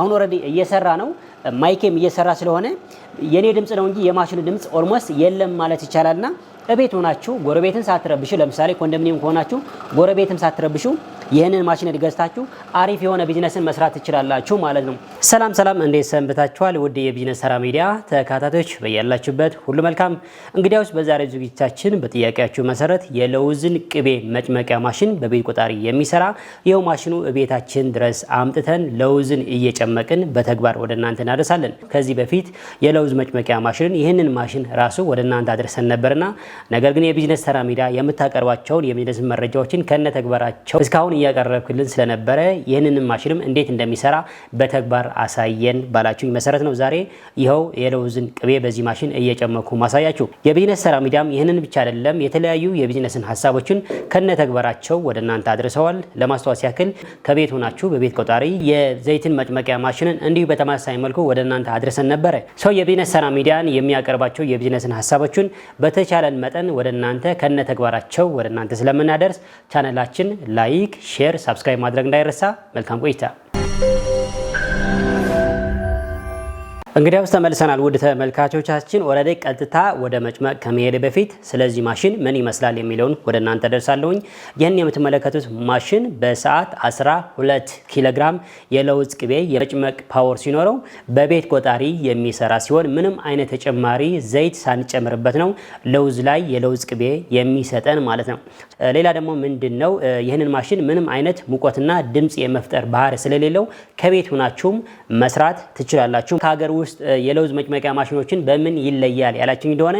አሁን ኦልሬዲ እየሰራ ነው። ማይኬም እየሰራ ስለሆነ የኔ ድምፅ ነው እንጂ የማሽኑ ድምፅ ኦልሞስት የለም ማለት ይቻላልና እቤት ሆናችሁ ጎረቤትን ሳትረብሹ፣ ለምሳሌ ኮንዶሚኒየም ከሆናችሁ ጎረቤትም ሳትረብሹ ይህንን ማሽነሪ ገዝታችሁ አሪፍ የሆነ ቢዝነስን መስራት ትችላላችሁ ማለት ነው። ሰላም ሰላም፣ እንዴት ሰንብታችኋል? ውድ የቢዝነስ ሰራ ሚዲያ ተከታታዮች በያላችሁበት ሁሉ መልካም። እንግዲያውስ በዛሬው ዝግጅታችን በጥያቄያችሁ መሰረት የለውዝን ቅቤ መጭመቂያ ማሽን በቤት ቆጣሪ የሚሰራ ይኸው ማሽኑ ቤታችን ድረስ አምጥተን ለውዝን እየጨመቅን በተግባር ወደ እናንተ እናደርሳለን። ከዚህ በፊት የለውዝ መጭመቂያ ማሽንን ይህንን ማሽን ራሱ ወደ እናንተ አድርሰን ነበርና ነገር ግን የቢዝነስ ሰራ ሚዲያ የምታቀርባቸውን የቢዝነስ መረጃዎችን ከነ ተግባራቸው እስካሁን እያቀረብክልን ስለነበረ ይህንንም ማሽንም እንዴት እንደሚሰራ በተግባር አሳየን ባላችሁኝ መሰረት ነው ዛሬ ይኸው የለውዝን ቅቤ በዚህ ማሽን እየጨመኩ ማሳያችሁ። የቢዝነስ ሰራ ሚዲያም ይህንን ብቻ አይደለም የተለያዩ የቢዝነስን ሀሳቦችን ከነ ተግባራቸው ወደ እናንተ አድርሰዋል። ለማስታወስ ያክል ከቤት ሆናችሁ በቤት ቆጣሪ የዘይትን መጭመቂያ ማሽንን እንዲሁ በተመሳሳይ መልኩ ወደ እናንተ አድርሰን ነበረ። ሰው የቢዝነስ ሰራ ሚዲያን የሚያቀርባቸው የቢዝነስን ሀሳቦችን በተቻለን መጠን ወደ እናንተ ከነተግባራቸው ወደ እናንተ ስለምናደርስ ቻነላችን ላይክ ሼር፣ ሳብስክራይብ ማድረግ እንዳይረሳ። መልካም ቆይታ። እንግዲህ ውስጥ ተመልሰናል። ውድ ተመልካቾቻችን ወረደ ቀጥታ ወደ መጭመቅ ከመሄድ በፊት ስለዚህ ማሽን ምን ይመስላል የሚለውን ወደ እናንተ ደርሳለሁኝ። ይህን የምትመለከቱት ማሽን በሰዓት 12 ኪሎግራም የለውዝ ቅቤ የመጭመቅ ፓወር ሲኖረው በቤት ቆጣሪ የሚሰራ ሲሆን ምንም አይነት ተጨማሪ ዘይት ሳንጨምርበት ነው ለውዝ ላይ የለውዝ ቅቤ የሚሰጠን ማለት ነው። ሌላ ደግሞ ምንድን ነው ይህንን ማሽን ምንም አይነት ሙቀትና ድምፅ የመፍጠር ባህር ስለሌለው ከቤት ሁናችሁም መስራት ትችላላችሁ። ከሀገር ውስጥ የለውዝ መጭመቂያ ማሽኖችን በምን ይለያል ያላችሁ እንደሆነ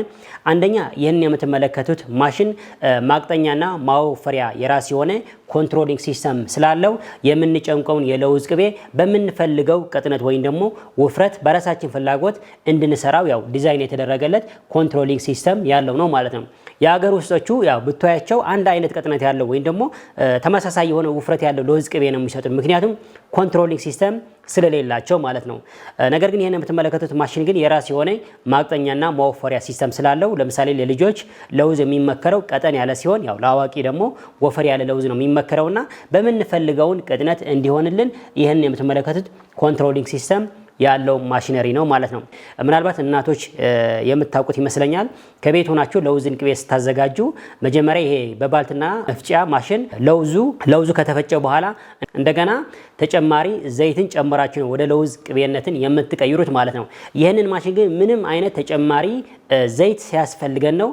አንደኛ ይህንን የምትመለከቱት ማሽን ማቅጠኛና ማወፈሪያ የራስ የሆነ ኮንትሮሊንግ ሲስተም ስላለው የምንጨምቀውን የለውዝ ቅቤ በምንፈልገው ቅጥነት ወይም ደግሞ ውፍረት በራሳችን ፍላጎት እንድንሰራው ያው ዲዛይን የተደረገለት ኮንትሮሊንግ ሲስተም ያለው ነው ማለት ነው። የሀገር ውስጦቹ ያው ብታያቸው አንድ አይነት ቅጥነት ያለው ወይም ደግሞ ተመሳሳይ የሆነ ውፍረት ያለው ለውዝ ቅቤ ነው የሚሰጡት። ምክንያቱም ኮንትሮሊንግ ሲስተም ስለሌላቸው ማለት ነው። ነገር ግን ይህን የምትመለከቱት ማሽን ግን የራስ የሆነ ማቅጠኛና መወፈሪያ ሲስተም ስላለው ለምሳሌ ለልጆች ለውዝ የሚመከረው ቀጠን ያለ ሲሆን ያው ለአዋቂ ደግሞ ወፈር ያለ ለውዝ ነው የሚመከረውና በምንፈልገውን ቅጥነት እንዲሆንልን ይህን የምትመለከቱት ኮንትሮሊንግ ሲስተም ያለው ማሽነሪ ነው ማለት ነው። ምናልባት እናቶች የምታውቁት ይመስለኛል ከቤት ሆናችሁ ለውዝን ቅቤ ስታዘጋጁ መጀመሪያ ይሄ በባልትና መፍጫ ማሽን ለውዙ ለውዙ ከተፈጨ በኋላ እንደገና ተጨማሪ ዘይትን ጨምራችሁ ነው ወደ ለውዝ ቅቤነትን የምትቀይሩት ማለት ነው። ይህንን ማሽን ግን ምንም አይነት ተጨማሪ ዘይት ሲያስፈልገን ነው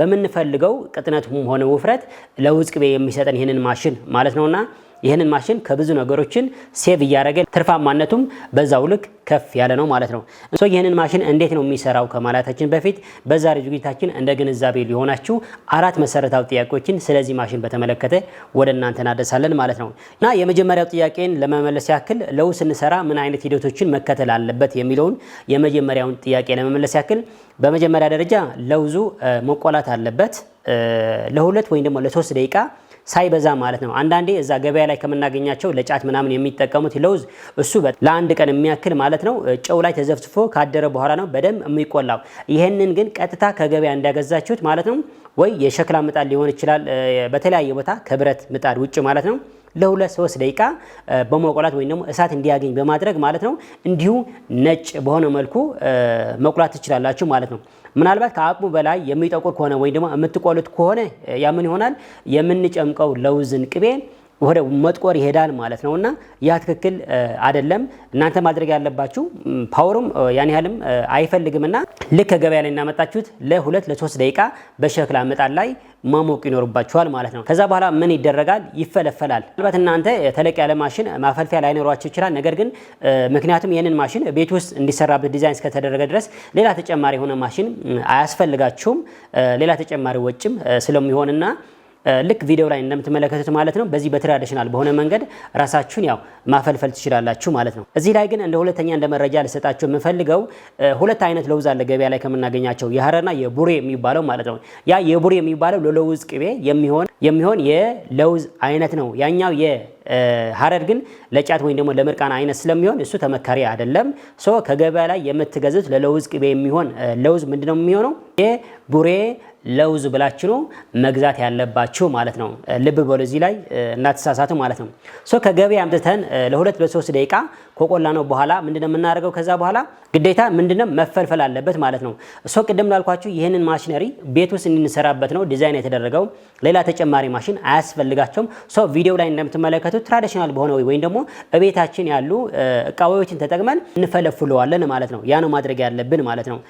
በምንፈልገው ቅጥነት ሆነ ውፍረት ለውዝ ቅቤ የሚሰጠን ይህንን ማሽን ማለት ነውና ይህንን ማሽን ከብዙ ነገሮችን ሴቭ እያደረገ ትርፋማነቱም በዛው ልክ ከፍ ያለ ነው ማለት ነው። እሶ ይህንን ማሽን እንዴት ነው የሚሰራው ከማለታችን በፊት በዛሬ ዝግጅታችን እንደ ግንዛቤ ሊሆናችሁ አራት መሰረታዊ ጥያቄዎችን ስለዚህ ማሽን በተመለከተ ወደ እናንተ እናደርሳለን ማለት ነው እና የመጀመሪያው ጥያቄን ለመመለስ ያክል ለው ስንሰራ ምን አይነት ሂደቶችን መከተል አለበት የሚለውን የመጀመሪያውን ጥያቄ ለመመለስ ያክል በመጀመሪያ ደረጃ ለውዙ መቆላት አለበት ለሁለት ወይም ደግሞ ለሶስት ደቂቃ ሳይበዛ ማለት ነው። አንዳንዴ እዛ ገበያ ላይ ከምናገኛቸው ለጫት ምናምን የሚጠቀሙት ለውዝ እሱ ለአንድ ቀን የሚያክል ማለት ነው ጨው ላይ ተዘፍዝፎ ካደረ በኋላ ነው በደንብ የሚቆላው። ይህንን ግን ቀጥታ ከገበያ እንዳገዛችሁት ማለት ነው ወይ የሸክላ ምጣድ ሊሆን ይችላል፣ በተለያየ ቦታ ከብረት ምጣድ ውጭ ማለት ነው ለሁለት ሶስት ደቂቃ በመቆላት ወይም ደግሞ እሳት እንዲያገኝ በማድረግ ማለት ነው እንዲሁ ነጭ በሆነ መልኩ መቁላት ትችላላችሁ ማለት ነው። ምናልባት ከአቅሙ በላይ የሚጠቁር ከሆነ ወይም ደግሞ የምትቆሉት ከሆነ ያምን ይሆናል የምንጨምቀው ለውዝን ቅቤ ወደ መጥቆር ይሄዳል ማለት ነው እና ያ ትክክል አይደለም። እናንተ ማድረግ ያለባችሁ ፓወሩም ያን ያህልም አይፈልግምና ልክ ከገበያ ላይ እናመጣችሁት ለሁለት ለሶስት ደቂቃ በሸክላ ምጣድ ላይ ማሞቅ ይኖርባችኋል ማለት ነው። ከዛ በኋላ ምን ይደረጋል? ይፈለፈላል። ምናልባት እናንተ ተለቅ ያለ ማሽን ማፈልፊያ ላይኖሯችሁ ይችላል። ነገር ግን ምክንያቱም ይህንን ማሽን ቤት ውስጥ እንዲሰራበት ዲዛይን እስከተደረገ ድረስ ሌላ ተጨማሪ የሆነ ማሽን አያስፈልጋችሁም። ሌላ ተጨማሪ ወጭም ስለሚሆንና ልክ ቪዲዮ ላይ እንደምትመለከቱት ማለት ነው። በዚህ በትራዲሽናል በሆነ መንገድ ራሳችሁን ያው ማፈልፈል ትችላላችሁ ማለት ነው። እዚህ ላይ ግን እንደ ሁለተኛ እንደ መረጃ ልሰጣችሁ የምፈልገው ሁለት አይነት ለውዝ አለ ገበያ ላይ ከምናገኛቸው የሀረና የቡሬ የሚባለው ማለት ነው። ያ የቡሬ የሚባለው ለለውዝ ቅቤ የሚሆን የሚሆን የለውዝ አይነት ነው። ያኛው የሀረር ግን ለጫት ወይም ደግሞ ለምርቃና አይነት ስለሚሆን እሱ ተመካሪ አይደለም። ሶ ከገበያ ላይ የምትገዙት ለለውዝ ቅቤ የሚሆን ለውዝ ምንድነው የሚሆነው የቡሬ ለውዝ ብላችሁ ነው መግዛት ያለባችሁ ማለት ነው። ልብ በሉ እዚህ ላይ እናተሳሳቱ ማለት ነው። ሶ ከገበያ አምጥተን ለሁለት ለሶስት ደቂቃ ከቆላ ነው በኋላ ምንድነው የምናደርገው? ከዛ በኋላ ግዴታ ምንድነው መፈልፈል አለበት ማለት ነው። እሶ ቅድም ላልኳችሁ ይህንን ማሽነሪ ቤት ውስጥ እንድንሰራበት ነው ዲዛይን የተደረገው። ሌላ ተጨማሪ ማሽን አያስፈልጋቸውም። ሶ ቪዲዮ ላይ እንደምትመለከቱት ትራዲሽናል በሆነ ወይም ደግሞ እቤታችን ያሉ እቃዎችን ተጠቅመን እንፈለፍለዋለን ማለት ነው። ያ ነው ማድረግ ያለብን ማለት ነው።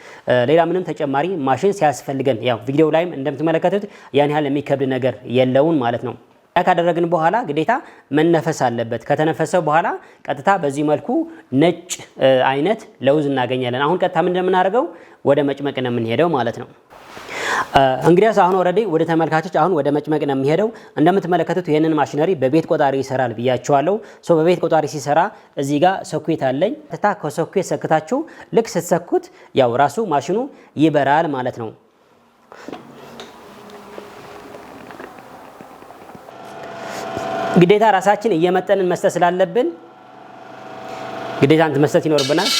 ሌላ ምንም ተጨማሪ ማሽን ሲያስፈልገን ያው ቪዲዮ ላይም እንደምትመለከቱት ያን ያህል የሚከብድ ነገር የለውን ማለት ነው። ካደረግን በኋላ ግዴታ መነፈስ አለበት። ከተነፈሰ በኋላ ቀጥታ በዚህ መልኩ ነጭ አይነት ለውዝ እናገኛለን። አሁን ቀጥታ ምን እንደምናደርገው ወደ መጭመቅ ነው የምንሄደው ማለት ነው። እንግዲያስ አሁን ኦልሬዲ ወደ ተመልካቾች አሁን ወደ መጭመቅ ነው የሚሄደው። እንደምትመለከቱት ይህንን ማሽነሪ በቤት ቆጣሪ ይሰራል ብያቸዋለሁ። ሶ በቤት ቆጣሪ ሲሰራ እዚህ ጋር ሰኩት አለኝ። ቀጥታ ከሰኩት ሰክታችሁ ልክ ስትሰኩት ያው ራሱ ማሽኑ ይበራል ማለት ነው። ግዴታ ራሳችን እየመጠንን መስጠት ስላለብን ግዴታ መስጠት ይኖርብናል።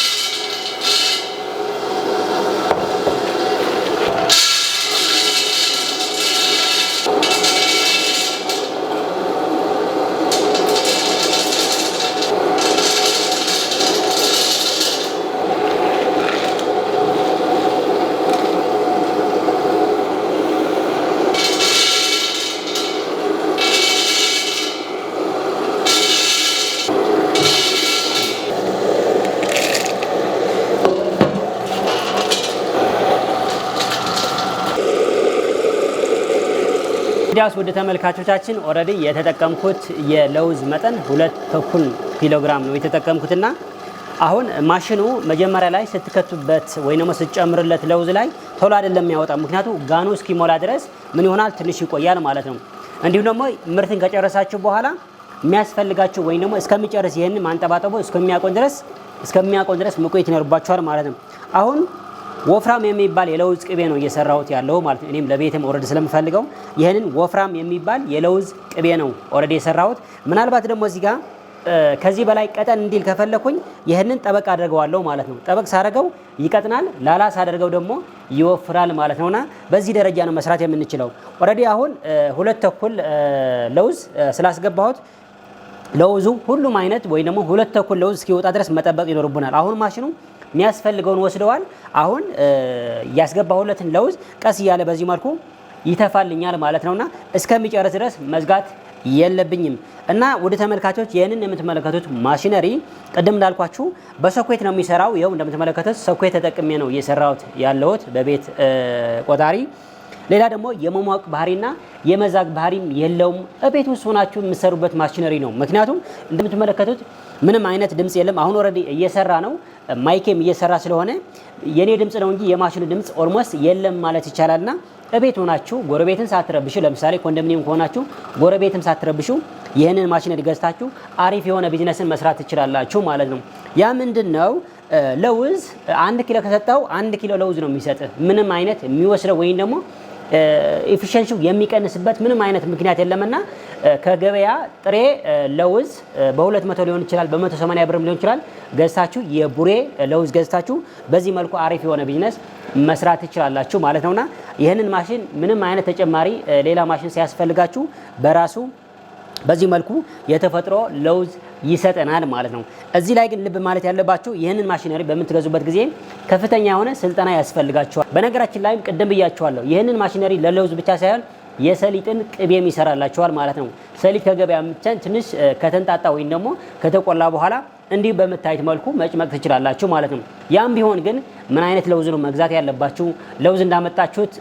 እንግዲያውስ ውድ ተመልካቾቻችን ኦልሬዲ የተጠቀምኩት የለውዝ መጠን ሁለት ተኩል ኪሎግራም ነው የተጠቀምኩትና አሁን ማሽኑ መጀመሪያ ላይ ስትከቱበት ወይ ደግሞ ስትጨምርለት ለውዝ ላይ ቶሎ አይደለም የሚያወጣ። ምክንያቱ ጋኑ እስኪሞላ ድረስ ምን ይሆናል ትንሽ ይቆያል ማለት ነው። እንዲሁም ደግሞ ምርትን ከጨረሳችሁ በኋላ የሚያስፈልጋችሁ ወይም ደግሞ እስከሚጨርስ ይህን ማንጠባጠቦ እስከሚያቆን ድረስ እስከሚያቆን ድረስ መቆየት ይኖርባችኋል ማለት ነው አሁን ወፍራም የሚባል የለውዝ ቅቤ ነው እየሰራሁት ያለው ማለት ነው። እኔም ለቤትም ኦልሬዲ ስለምፈልገው ይህንን ወፍራም የሚባል የለውዝ ቅቤ ነው ኦልሬዲ የሰራሁት። ምናልባት ደግሞ እዚህ ጋር ከዚህ በላይ ቀጠን እንዲል ከፈለኩኝ ይህንን ጠበቅ አድርገዋለሁ ማለት ነው። ጠበቅ ሳደርገው ይቀጥናል፣ ላላ ሳደርገው ደግሞ ይወፍራል ማለት ነውና በዚህ ደረጃ ነው መስራት የምንችለው። ኦልሬዲ አሁን ሁለት ተኩል ለውዝ ስላስገባሁት ለውዙ ሁሉም አይነት ወይም ደግሞ ሁለት ተኩል ለውዝ እስኪወጣ ድረስ መጠበቅ ይኖርብናል። አሁን ማሽኑ የሚያስፈልገውን ወስደዋል። አሁን ያስገባሁለትን ለውዝ ቀስ እያለ በዚህ መልኩ ይተፋልኛል ማለት ነውና እስከሚጨርስ ድረስ መዝጋት የለብኝም እና ወደ ተመልካቾች ይህንን የምትመለከቱት ማሽነሪ ቅድም እንዳልኳችሁ በሶኬት ነው የሚሰራው። ይኸው እንደምትመለከቱት ሶኬት ተጠቅሜ ነው እየሰራሁት ያለሁት በቤት ቆጣሪ ሌላ ደግሞ የመሟቅ ባህሪና የመዛግ ባህሪም የለውም። እቤት ውስጥ ሆናችሁ የምትሰሩበት ማሽነሪ ነው። ምክንያቱም እንደምትመለከቱት ምንም አይነት ድምፅ የለም። አሁን ኦልሬዲ እየሰራ ነው፣ ማይኬም እየሰራ ስለሆነ የእኔ ድምፅ ነው እንጂ የማሽኑ ድምፅ ኦልሞስት የለም ማለት ይቻላልና እቤት ሆናችሁ ጎረቤትን ሳትረብሹ፣ ለምሳሌ ኮንዶሚኒየም ከሆናችሁ ጎረቤትም ሳትረብሹ ይህንን ማሽነሪ ገዝታችሁ አሪፍ የሆነ ቢዝነስን መስራት ትችላላችሁ ማለት ነው። ያ ምንድን ነው? ለውዝ አንድ ኪሎ ከሰጠው አንድ ኪሎ ለውዝ ነው የሚሰጥ ምንም አይነት የሚወስደው ወይም ደግሞ ኤፊሽንሲው የሚቀንስበት ምንም አይነት ምክንያት የለምና ከገበያ ጥሬ ለውዝ በ200 ሊሆን ይችላል፣ በ180 ብርም ሊሆን ይችላል ገዝታችሁ የቡሬ ለውዝ ገዝታችሁ በዚህ መልኩ አሪፍ የሆነ ቢዝነስ መስራት ትችላላችሁ ማለት ነውና ይህንን ማሽን ምንም አይነት ተጨማሪ ሌላ ማሽን ሲያስፈልጋችሁ በራሱ በዚህ መልኩ የተፈጥሮ ለውዝ ይሰጠናል ማለት ነው። እዚህ ላይ ግን ልብ ማለት ያለባችሁ ይህንን ማሽነሪ በምትገዙበት ጊዜ ከፍተኛ የሆነ ስልጠና ያስፈልጋችኋል። በነገራችን ላይም ቅድም ብያችኋለሁ፣ ይህንን ማሽነሪ ለለውዝ ብቻ ሳይሆን የሰሊጥን ቅቤም ይሰራላችኋል ማለት ነው። ሰሊጥ ከገበያ ምቻን ትንሽ ከተንጣጣ ወይም ደግሞ ከተቆላ በኋላ እንዲህ በምታዩት መልኩ መጭመቅ ትችላላችሁ ማለት ነው። ያም ቢሆን ግን ምን አይነት ለውዝ ነው መግዛት ያለባችሁ? ለውዝ እንዳመጣችሁት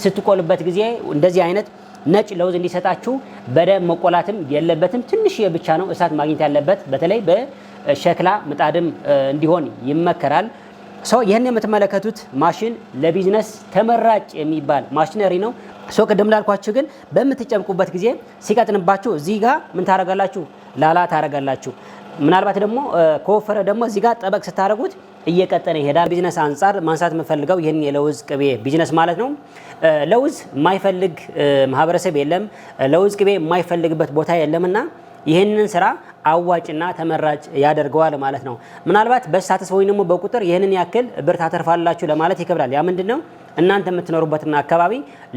ስትቆልበት ጊዜ እንደዚህ አይነት ነጭ ለውዝ እንዲሰጣችሁ በደም መቆላትም የለበትም። ትንሽ ብቻ ነው እሳት ማግኘት ያለበት። በተለይ በሸክላ ምጣድም እንዲሆን ይመከራል። ሰው ይህን የምትመለከቱት ማሽን ለቢዝነስ ተመራጭ የሚባል ማሽነሪ ነው። ሰው ቅድም ላልኳችሁ ግን በምትጨምቁበት ጊዜ ሲቀጥንባችሁ እዚህ ጋር ምን ታረጋላችሁ? ላላ ታረጋላችሁ። ምናልባት ደግሞ ከወፈረ ደግሞ እዚህ ጋር ጠበቅ ስታደርጉት እየቀጠነ ይሄዳል። ቢዝነስ አንጻር ማንሳት የምፈልገው ይህን የለውዝ ቅቤ ቢዝነስ ማለት ነው። ለውዝ የማይፈልግ ማህበረሰብ የለም። ለውዝ ቅቤ የማይፈልግበት ቦታ የለምና ይህንን ስራ አዋጭና ተመራጭ ያደርገዋል ማለት ነው። ምናልባት በስታትስ ወይም ደግሞ በቁጥር ይህንን ያክል ብር ታተርፋላችሁ ለማለት ይከብዳል። ያ ምንድን ነው እናንተ የምትኖሩበትና አካባቢ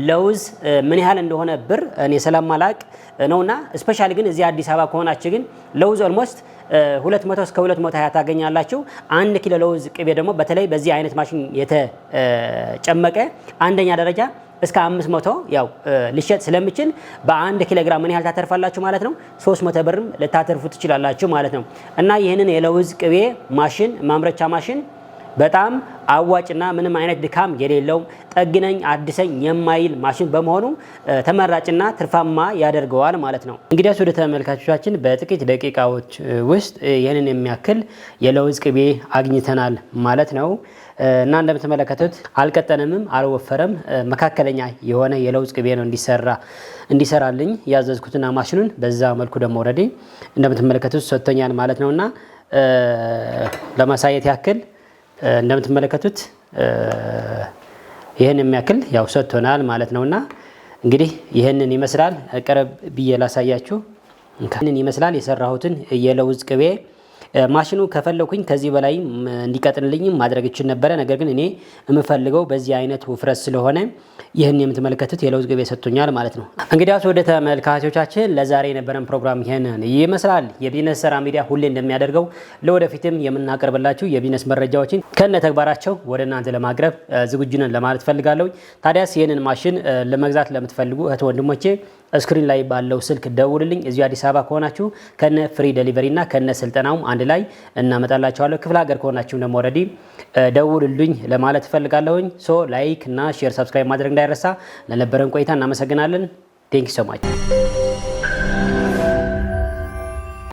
ለውዝ ምን ያህል እንደሆነ ብር እኔ ስለማላቅ ነውና፣ ስፔሻሊ ግን እዚህ አዲስ አበባ ከሆናችሁ ግን ለውዝ ኦልሞስት 200 እስከ 220 ታገኛላችሁ። አንድ ኪሎ ለውዝ ቅቤ ደግሞ በተለይ በዚህ አይነት ማሽን የተጨመቀ አንደኛ ደረጃ እስከ 500 ያው ልሸጥ ስለምችል በአንድ ኪሎ ግራም ምን ያህል ታተርፋላችሁ ማለት ነው? 300 ብርም ልታተርፉ ትችላላችሁ ማለት ነው። እና ይህንን የለውዝ ቅቤ ማሽን ማምረቻ ማሽን በጣም አዋጭና ምንም አይነት ድካም የሌለው ጠግነኝ አድሰኝ የማይል ማሽን በመሆኑ ተመራጭና ትርፋማ ያደርገዋል ማለት ነው። እንግዲያስ ወደ ተመልካቾቻችን በጥቂት ደቂቃዎች ውስጥ ይህንን የሚያክል የለውዝ ቅቤ አግኝተናል ማለት ነው እና እንደምትመለከቱት አልቀጠነምም፣ አልወፈረም መካከለኛ የሆነ የለውዝ ቅቤ ነው እንዲሰራ እንዲሰራልኝ ያዘዝኩትና ማሽኑን በዛ መልኩ ደግሞ ረዴ እንደምትመለከቱት ሰጥቶኛል ማለት ነውና ለማሳየት ያክል እንደምትመለከቱት ይህን የሚያክል ያው ሰጥቶናል ማለት ነውና እንግዲህ ይህንን ይመስላል። ቀረብ ብዬ ላሳያችሁ። ይህንን ይመስላል የሰራሁትን የለውዝ ቅቤ ማሽኑ ከፈለኩኝ ከዚህ በላይ እንዲቀጥንልኝም ማድረግ እችል ነበረ። ነገር ግን እኔ የምፈልገው በዚህ አይነት ውፍረት ስለሆነ ይህን የምትመለከቱት የለውዝ ቅቤ ሰጥቶኛል ማለት ነው። አቶ ወደ ተመልካቾቻችን ለዛሬ የነበረን ፕሮግራም ይህንን ይመስላል። የቢዝነስ ስራ ሚዲያ ሁሌ እንደሚያደርገው ለወደፊትም የምናቀርብላችሁ የቢዝነስ መረጃዎችን ከነ ተግባራቸው ወደ እናንተ ለማቅረብ ዝግጁ ነን ለማለት ፈልጋለሁ። ታዲያስ ይህንን ማሽን ለመግዛት ለምትፈልጉ እህት ወንድሞቼ ስክሪን ላይ ባለው ስልክ ደውልልኝ። እዚሁ አዲስ አበባ ከሆናችሁ ከነ ፍሪ ደሊቨሪ እና ከነ ስልጠናውም አንድ ላይ እናመጣላቸዋለሁ። ክፍለ ሀገር ከሆናችሁ ደግሞ ረዲ ደውልልኝ ለማለት እፈልጋለሁኝ። ሶ ላይክ እና ሼር፣ ሰብስክራይብ ማድረግ እንዳይረሳ። ለነበረን ቆይታ እናመሰግናለን። ቴንክ ሶ ማች